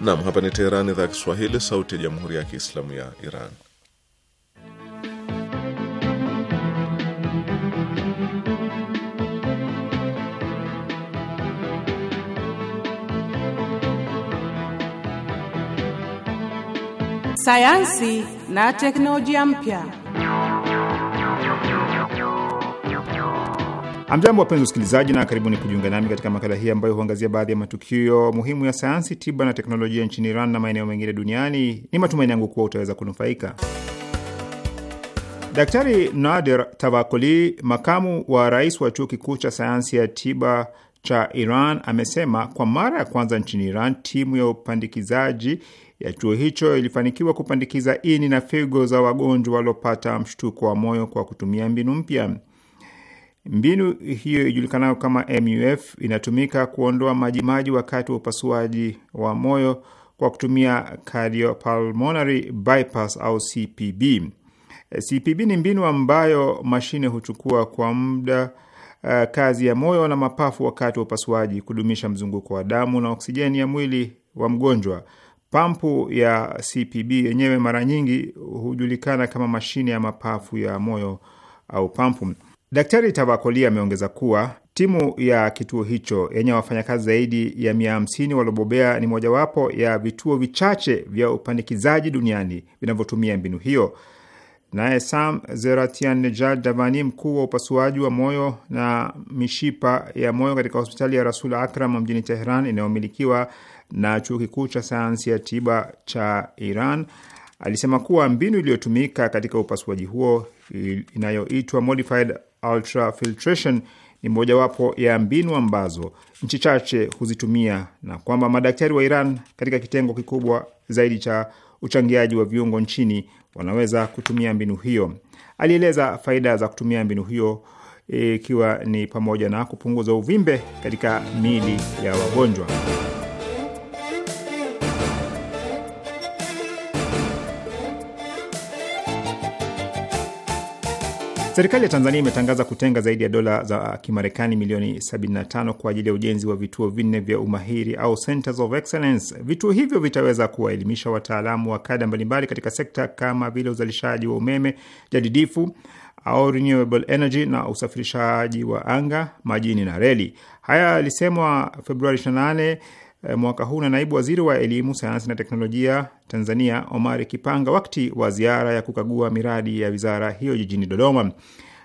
Nam, hapa ni Teherani, idhaa ya Kiswahili, sauti ya jamhuri ya kiislamu ya Iran. Sayansi na teknolojia mpya. Amjambo, wapenzi usikilizaji na karibuni kujiunga nami katika makala hii ambayo huangazia baadhi ya matukio muhimu ya sayansi, tiba na teknolojia nchini Iran na maeneo mengine duniani. Ni matumaini yangu kuwa utaweza kunufaika. Daktari Nader Tavakoli, makamu wa rais wa chuo kikuu cha sayansi ya tiba cha Iran, amesema kwa mara ya kwanza nchini Iran timu ya upandikizaji ya chuo hicho ilifanikiwa kupandikiza ini na figo za wagonjwa waliopata mshtuko wa moyo kwa kutumia mbinu mpya. Mbinu hiyo ijulikanayo kama MUF inatumika kuondoa majimaji wakati wa upasuaji wa moyo kwa kutumia cardiopulmonary bypass au CPB. CPB ni mbinu ambayo mashine huchukua kwa muda uh, kazi ya moyo na mapafu wakati wa upasuaji kudumisha mzunguko wa damu na oksijeni ya mwili wa mgonjwa. Pampu ya CPB yenyewe mara nyingi hujulikana kama mashine ya mapafu ya moyo au pampu. Daktari Tavakoli ameongeza kuwa timu ya kituo hicho yenye wafanyakazi zaidi ya mia hamsini waliobobea ni mojawapo ya vituo vichache vya upandikizaji duniani vinavyotumia mbinu hiyo. Naye Sam Zeratian Nejad Davani, mkuu wa upasuaji wa moyo na mishipa ya moyo katika hospitali ya Rasul Akram mjini Teheran inayomilikiwa na chuo kikuu cha sayansi ya tiba cha Iran, alisema kuwa mbinu iliyotumika katika upasuaji huo inayoitwa modified ultrafiltration ni mojawapo ya mbinu ambazo nchi chache huzitumia na kwamba madaktari wa Iran katika kitengo kikubwa zaidi cha uchangiaji wa viungo nchini wanaweza kutumia mbinu hiyo. Alieleza faida za kutumia mbinu hiyo ikiwa e, ni pamoja na kupunguza uvimbe katika miili ya wagonjwa. Serikali ya Tanzania imetangaza kutenga zaidi ya dola za Kimarekani milioni 75 kwa ajili ya ujenzi wa vituo vinne vya umahiri au centers of excellence. Vituo hivyo vitaweza kuwaelimisha wataalamu wa kada mbalimbali katika sekta kama vile uzalishaji wa umeme jadidifu au renewable energy na usafirishaji wa anga, majini na reli. Haya yalisemwa Februari 28 Eh, mwaka huu na naibu waziri wa elimu, sayansi na teknolojia Tanzania Omari Kipanga wakati wa ziara ya kukagua miradi ya wizara hiyo jijini Dodoma.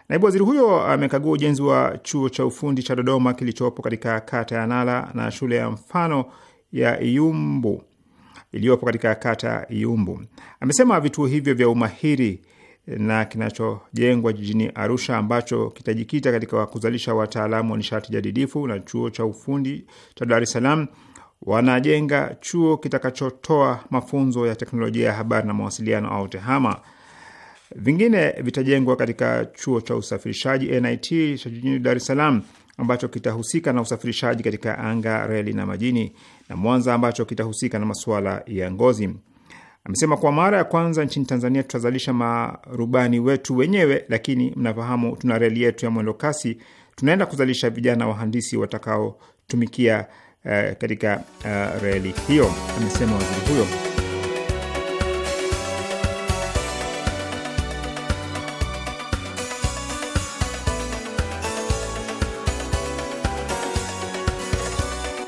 Naibu waziri huyo amekagua ujenzi wa chuo cha ufundi cha Dodoma kilichopo katika kata ya Nala na shule ya mfano ya Iyumbu iliyopo katika kata Iyumbu. Amesema vituo hivyo vya umahiri eh, na kinachojengwa jijini Arusha ambacho kitajikita katika kuzalisha wataalamu wa nishati jadidifu na chuo cha ufundi cha Dar es Salaam wanajenga chuo kitakachotoa mafunzo ya teknolojia ya habari na mawasiliano au TEHAMA. Vingine vitajengwa katika chuo cha usafirishaji NIT cha jijini Dar es Salaam ambacho kitahusika na usafirishaji katika anga, reli na majini, na Mwanza ambacho kitahusika na masuala ya ngozi. Amesema kwa mara ya kwanza nchini Tanzania tutazalisha marubani wetu wenyewe, lakini mnafahamu, tuna reli yetu ya mwendo kasi. Tunaenda kuzalisha vijana wahandisi watakaotumikia Eh, katika uh, reli hiyo, amesema waziri huyo.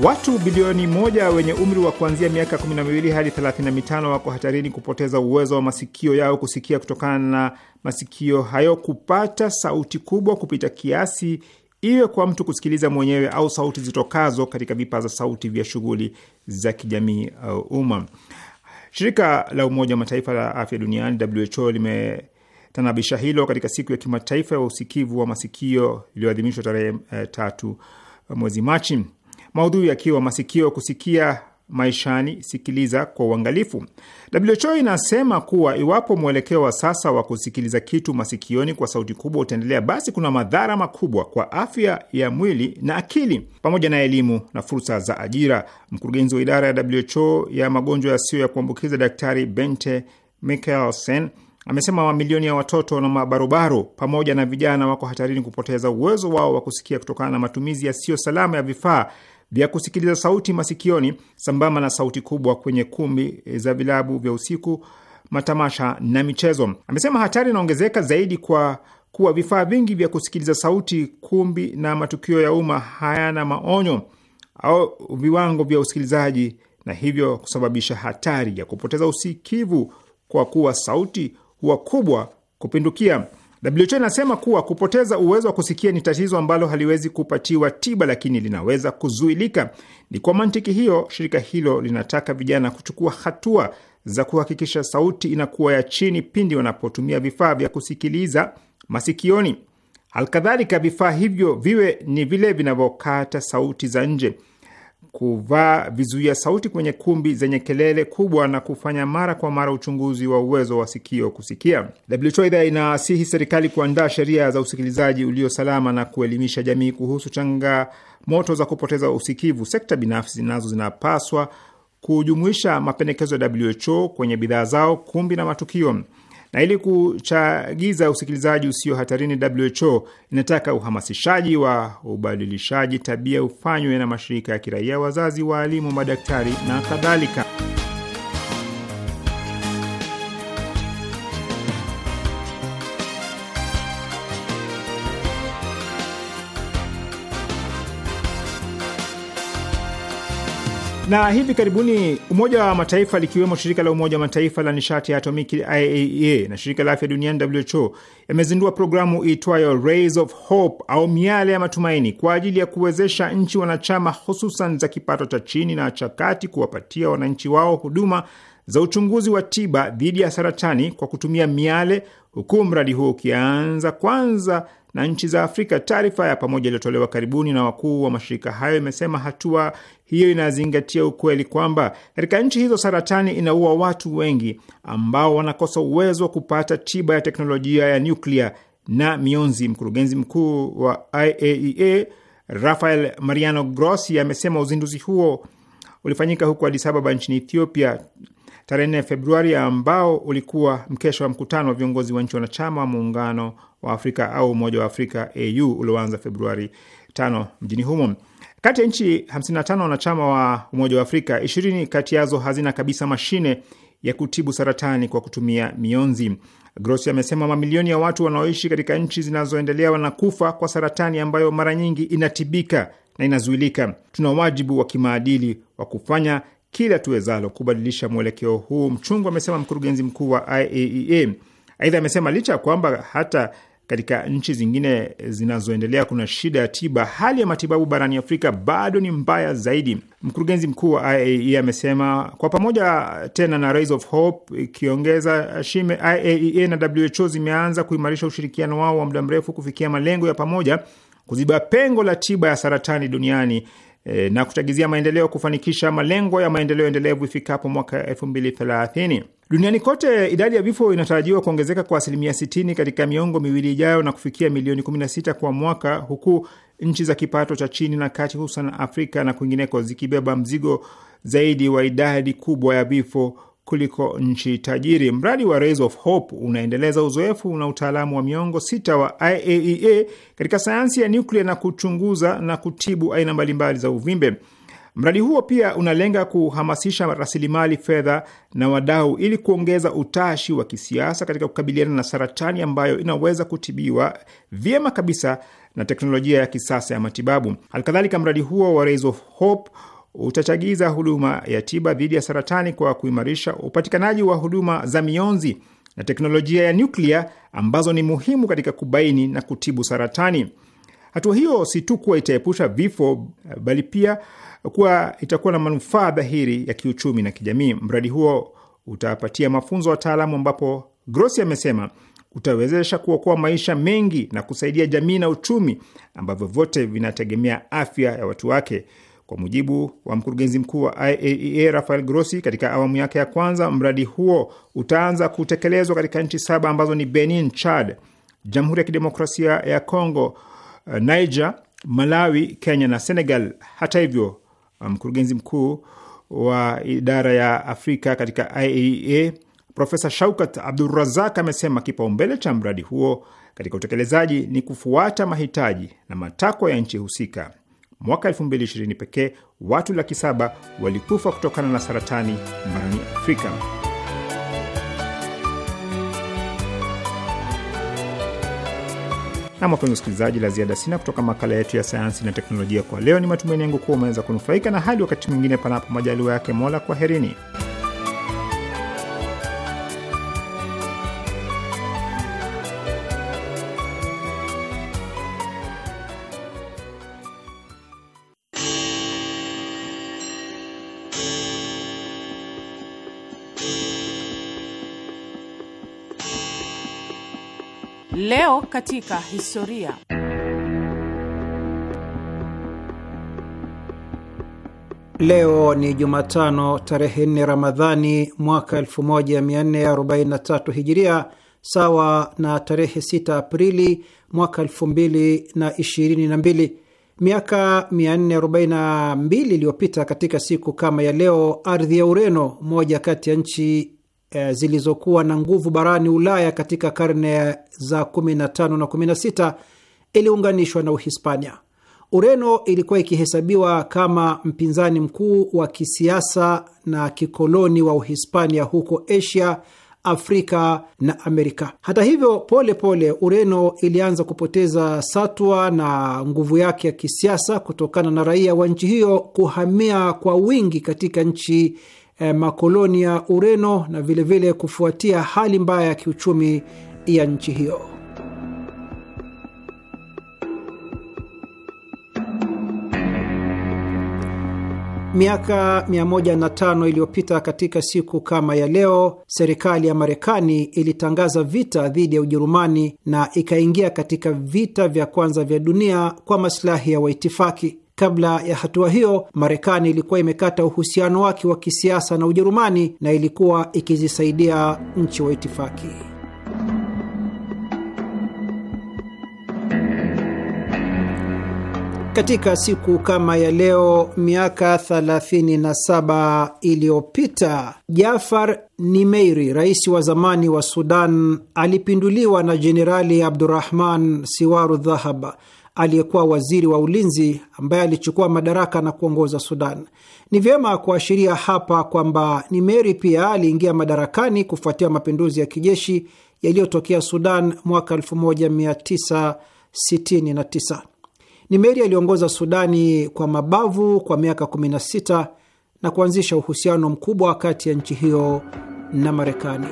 Watu bilioni moja wenye umri wa kuanzia miaka 12 hadi 35 wako hatarini kupoteza uwezo wa masikio yao kusikia kutokana na masikio hayo kupata sauti kubwa kupita kiasi iwe kwa mtu kusikiliza mwenyewe au sauti zitokazo katika vipaza sauti vya shughuli za kijamii au umma. Shirika la Umoja wa Mataifa la Afya Duniani, WHO, limetanabisha hilo katika siku ya kimataifa ya usikivu wa masikio iliyoadhimishwa tarehe eh, tatu mwezi Machi, maudhui yakiwa masikio kusikia maishani, sikiliza kwa uangalifu. WHO inasema kuwa iwapo mwelekeo wa sasa wa kusikiliza kitu masikioni kwa sauti kubwa utaendelea, basi kuna madhara makubwa kwa afya ya mwili na akili, pamoja na elimu na fursa za ajira. Mkurugenzi wa idara ya WHO ya magonjwa yasiyo ya kuambukiza, Daktari Bente Mikkelsen amesema mamilioni ya watoto na mabarobaro pamoja na vijana wako hatarini kupoteza uwezo wao wa kusikia kutokana na matumizi yasiyo salama ya vifaa vya kusikiliza sauti masikioni sambamba na sauti kubwa kwenye kumbi e, za vilabu vya usiku, matamasha na michezo. Amesema hatari inaongezeka zaidi kwa kuwa vifaa vingi vya kusikiliza sauti, kumbi na matukio ya umma hayana maonyo au viwango vya usikilizaji na hivyo kusababisha hatari ya kupoteza usikivu kwa kuwa sauti huwa kubwa kupindukia. WHO inasema kuwa kupoteza uwezo wa kusikia ni tatizo ambalo haliwezi kupatiwa tiba, lakini linaweza kuzuilika. Ni kwa mantiki hiyo shirika hilo linataka vijana kuchukua hatua za kuhakikisha sauti inakuwa ya chini pindi wanapotumia vifaa vya kusikiliza masikioni. Alkadhalika, vifaa hivyo viwe ni vile vinavyokata sauti za nje kuvaa vizuia sauti kwenye kumbi zenye kelele kubwa na kufanya mara kwa mara uchunguzi wa uwezo wa sikio kusikia. WHO inaasihi inasihi serikali kuandaa sheria za usikilizaji ulio salama na kuelimisha jamii kuhusu changamoto za kupoteza usikivu. Sekta binafsi nazo zinapaswa kujumuisha mapendekezo ya WHO kwenye bidhaa zao, kumbi na matukio. Na ili kuchagiza usikilizaji usio hatarini, WHO inataka uhamasishaji wa ubadilishaji tabia ufanywe na mashirika ya kiraia, wazazi, waalimu, madaktari na kadhalika. Na hivi karibuni Umoja wa Mataifa likiwemo shirika la Umoja wa Mataifa la nishati ya atomiki IAEA e na shirika la afya duniani WHO yamezindua programu iitwayo Rays of Hope au miale ya matumaini kwa ajili ya kuwezesha nchi wanachama, hususan za kipato cha chini na cha kati, kuwapatia wananchi wao huduma za uchunguzi wa tiba dhidi ya saratani kwa kutumia miale, huku mradi huo ukianza kwanza na nchi za Afrika. Taarifa ya pamoja iliyotolewa karibuni na wakuu wa mashirika hayo imesema hatua hiyo inazingatia ukweli kwamba katika nchi hizo saratani inaua watu wengi ambao wanakosa uwezo wa kupata tiba ya teknolojia ya nyuklia na mionzi. Mkurugenzi mkuu wa IAEA e Rafael Mariano Grossi amesema uzinduzi huo ulifanyika huko Addis Ababa nchini Ethiopia tarehe 4 Februari, ambao ulikuwa mkesha wa mkutano wa viongozi wa nchi wanachama wa Muungano wa Afrika au Umoja wa Afrika au ulioanza Februari 5 mjini humo. Kati ya nchi 55 wanachama wa Umoja wa Afrika, 20 kati yazo hazina kabisa mashine ya kutibu saratani kwa kutumia mionzi. Grossi amesema mamilioni ya watu wanaoishi katika nchi zinazoendelea wanakufa kwa saratani ambayo mara nyingi inatibika na inazuilika. Tuna wajibu wa kimaadili wa kufanya kila tuwezalo kubadilisha mwelekeo huu mchungu, amesema mkurugenzi mkuu wa IAEA. E Aidha amesema licha ya kwamba hata katika nchi zingine zinazoendelea kuna shida ya tiba, hali ya matibabu barani Afrika bado ni mbaya zaidi. Mkurugenzi mkuu wa IAEA e amesema kwa pamoja tena na Rise of Hope ikiongeza shime, IAEA e na WHO zimeanza kuimarisha ushirikiano wao wa muda mrefu kufikia malengo ya pamoja kuziba pengo la tiba ya saratani duniani E, na kuchagizia maendeleo kufanikisha malengo ya maendeleo endelevu ifikapo mwaka elfu mbili thelathini. Duniani kote idadi ya vifo inatarajiwa kuongezeka kwa asilimia 60 katika miongo miwili ijayo na kufikia milioni 16 kwa mwaka, huku nchi za kipato cha chini na kati, hususan Afrika na kwingineko, zikibeba mzigo zaidi wa idadi kubwa ya vifo kuliko nchi tajiri. Mradi wa Rays of Hope unaendeleza uzoefu na utaalamu wa miongo sita wa IAEA e katika sayansi ya nyuklia na kuchunguza na kutibu aina mbalimbali za uvimbe. Mradi huo pia unalenga kuhamasisha rasilimali fedha na wadau ili kuongeza utashi wa kisiasa katika kukabiliana na saratani ambayo inaweza kutibiwa vyema kabisa na teknolojia ya kisasa ya matibabu. Halikadhalika, mradi huo wa Rays of Hope utachagiza huduma ya tiba dhidi ya saratani kwa kuimarisha upatikanaji wa huduma za mionzi na teknolojia ya nyuklia ambazo ni muhimu katika kubaini na kutibu saratani. Hatua hiyo si tu kuwa itaepusha vifo, bali pia kuwa itakuwa na manufaa dhahiri ya kiuchumi na kijamii. Mradi huo utapatia mafunzo wataalamu, ambapo Grossi amesema utawezesha kuokoa maisha mengi na kusaidia jamii na uchumi ambavyo vyote vinategemea afya ya watu wake. Kwa mujibu wa mkurugenzi mkuu wa IAEA e Rafael Grossi, katika awamu yake ya kwanza mradi huo utaanza kutekelezwa katika nchi saba ambazo ni Benin, Chad, Jamhuri ya Kidemokrasia ya Kongo, Niger, Malawi, Kenya na Senegal. Hata hivyo, mkurugenzi mkuu wa idara ya Afrika katika IAEA e Profesa Shaukat Abdurazak amesema kipaumbele cha mradi huo katika utekelezaji ni kufuata mahitaji na matakwa ya nchi husika mwaka 2020 pekee watu laki saba walikufa kutokana na saratani barani Afrika. Na wapenzi wasikilizaji, la ziada sina kutoka makala yetu ya sayansi na teknolojia kwa leo. Ni matumaini yangu kuwa umeweza kunufaika, na hadi wakati mwingine, panapo majaliwa yake Mola, kwaherini. Leo katika historia. Leo ni Jumatano tarehe nne Ramadhani mwaka 1443 Hijiria, sawa na tarehe 6 Aprili mwaka 2022. Miaka 442 iliyopita katika siku kama ya leo, ardhi ya Ureno, moja kati ya nchi e, zilizokuwa na nguvu barani Ulaya katika karne za 15 na 16 iliunganishwa na Uhispania. Ureno ilikuwa ikihesabiwa kama mpinzani mkuu wa kisiasa na kikoloni wa Uhispania huko Asia, Afrika na Amerika. Hata hivyo, pole pole Ureno ilianza kupoteza satwa na nguvu yake ya kisiasa kutokana na raia wa nchi hiyo kuhamia kwa wingi katika nchi eh, makoloni ya Ureno na vilevile vile kufuatia hali mbaya ya kiuchumi ya nchi hiyo. Miaka 105 iliyopita katika siku kama ya leo, serikali ya Marekani ilitangaza vita dhidi ya Ujerumani na ikaingia katika vita vya kwanza vya dunia kwa masilahi ya waitifaki. Kabla ya hatua hiyo, Marekani ilikuwa imekata uhusiano wake wa kisiasa na Ujerumani na ilikuwa ikizisaidia nchi wa itifaki. Katika siku kama ya leo miaka 37 iliyopita Jafar Nimeiri, rais wa zamani wa Sudan, alipinduliwa na Jenerali Abdurahman Siwaru dhahaba aliyekuwa waziri wa ulinzi ambaye alichukua madaraka na kuongoza Sudan. Ni vyema kuashiria hapa kwamba Nimeri pia aliingia madarakani kufuatia mapinduzi ya kijeshi yaliyotokea Sudan mwaka 1969. Nimeri aliongoza Sudani kwa mabavu kwa miaka 16 na kuanzisha uhusiano mkubwa kati ya nchi hiyo na Marekani.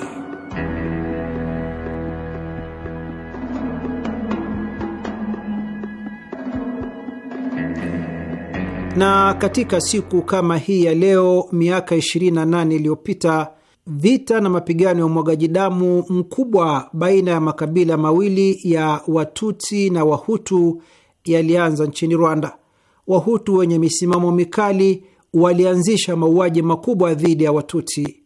Na katika siku kama hii ya leo miaka 28 iliyopita vita na mapigano ya umwagaji damu mkubwa baina ya makabila mawili ya Watuti na Wahutu yalianza nchini Rwanda. Wahutu wenye misimamo mikali walianzisha mauaji makubwa dhidi ya Watuti.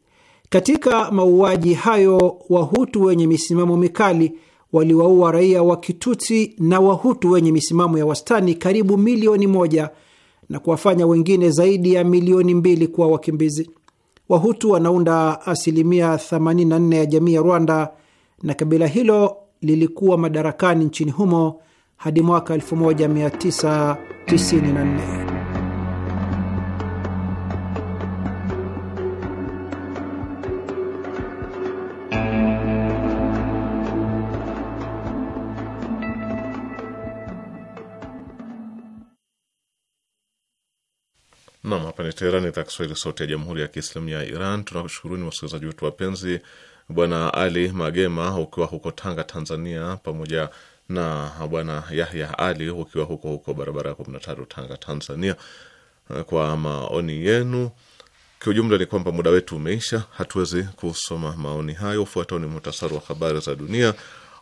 Katika mauaji hayo, Wahutu wenye misimamo mikali waliwaua raia wa Kituti na Wahutu wenye misimamo ya wastani karibu milioni moja na kuwafanya wengine zaidi ya milioni mbili kuwa wakimbizi. Wahutu wanaunda asilimia 84 ya jamii ya Rwanda na kabila hilo lilikuwa madarakani nchini humo hadi mwaka 1994. Nam, hapa ni Teherani, idhaa Kiswahili, sauti ya jamhuri ya kiislamu ya Iran. Tunakushukuruni wasikilizaji wetu wapenzi, Bwana Ali Magema ukiwa huko Tanga, Tanzania, pamoja na Bwana Yahya Ali ukiwa huko huko barabara ya kumi na tatu, Tanga, Tanzania, kwa maoni yenu. Kiujumla ni kwamba muda wetu umeisha, hatuwezi kusoma maoni hayo. Ufuatao ni muhtasari wa habari za dunia.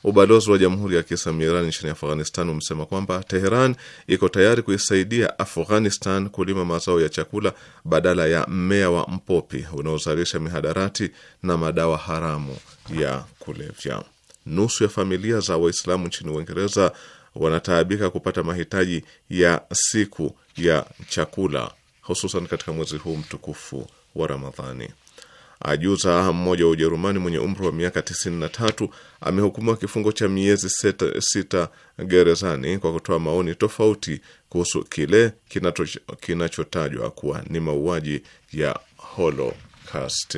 Ubalozi wa Jamhuri ya Kiislamu ya Iran nchini Afghanistan umesema kwamba Teheran iko tayari kuisaidia Afghanistan kulima mazao ya chakula badala ya mmea wa mpopi unaozalisha mihadarati na madawa haramu ya kulevya. Nusu ya familia za Waislamu nchini Uingereza wanataabika kupata mahitaji ya siku ya chakula, hususan katika mwezi huu mtukufu wa Ramadhani. Ajuza mmoja wa Ujerumani mwenye umri wa miaka 93 amehukumiwa kifungo cha miezi sita, sita gerezani kwa kutoa maoni tofauti kuhusu kile kinachotajwa kuwa ni mauaji ya Holocaust.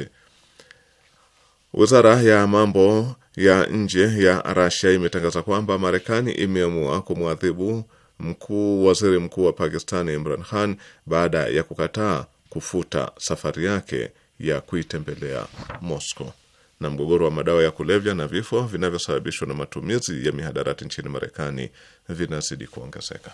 Wizara ya mambo ya nje ya Rasia imetangaza kwamba Marekani imeamua kumwadhibu mkuu waziri mkuu wa Pakistani Imran Khan baada ya kukataa kufuta safari yake ya kuitembelea Moscow. Na mgogoro wa madawa ya kulevya na vifo vinavyosababishwa na matumizi ya mihadarati nchini Marekani vinazidi kuongezeka.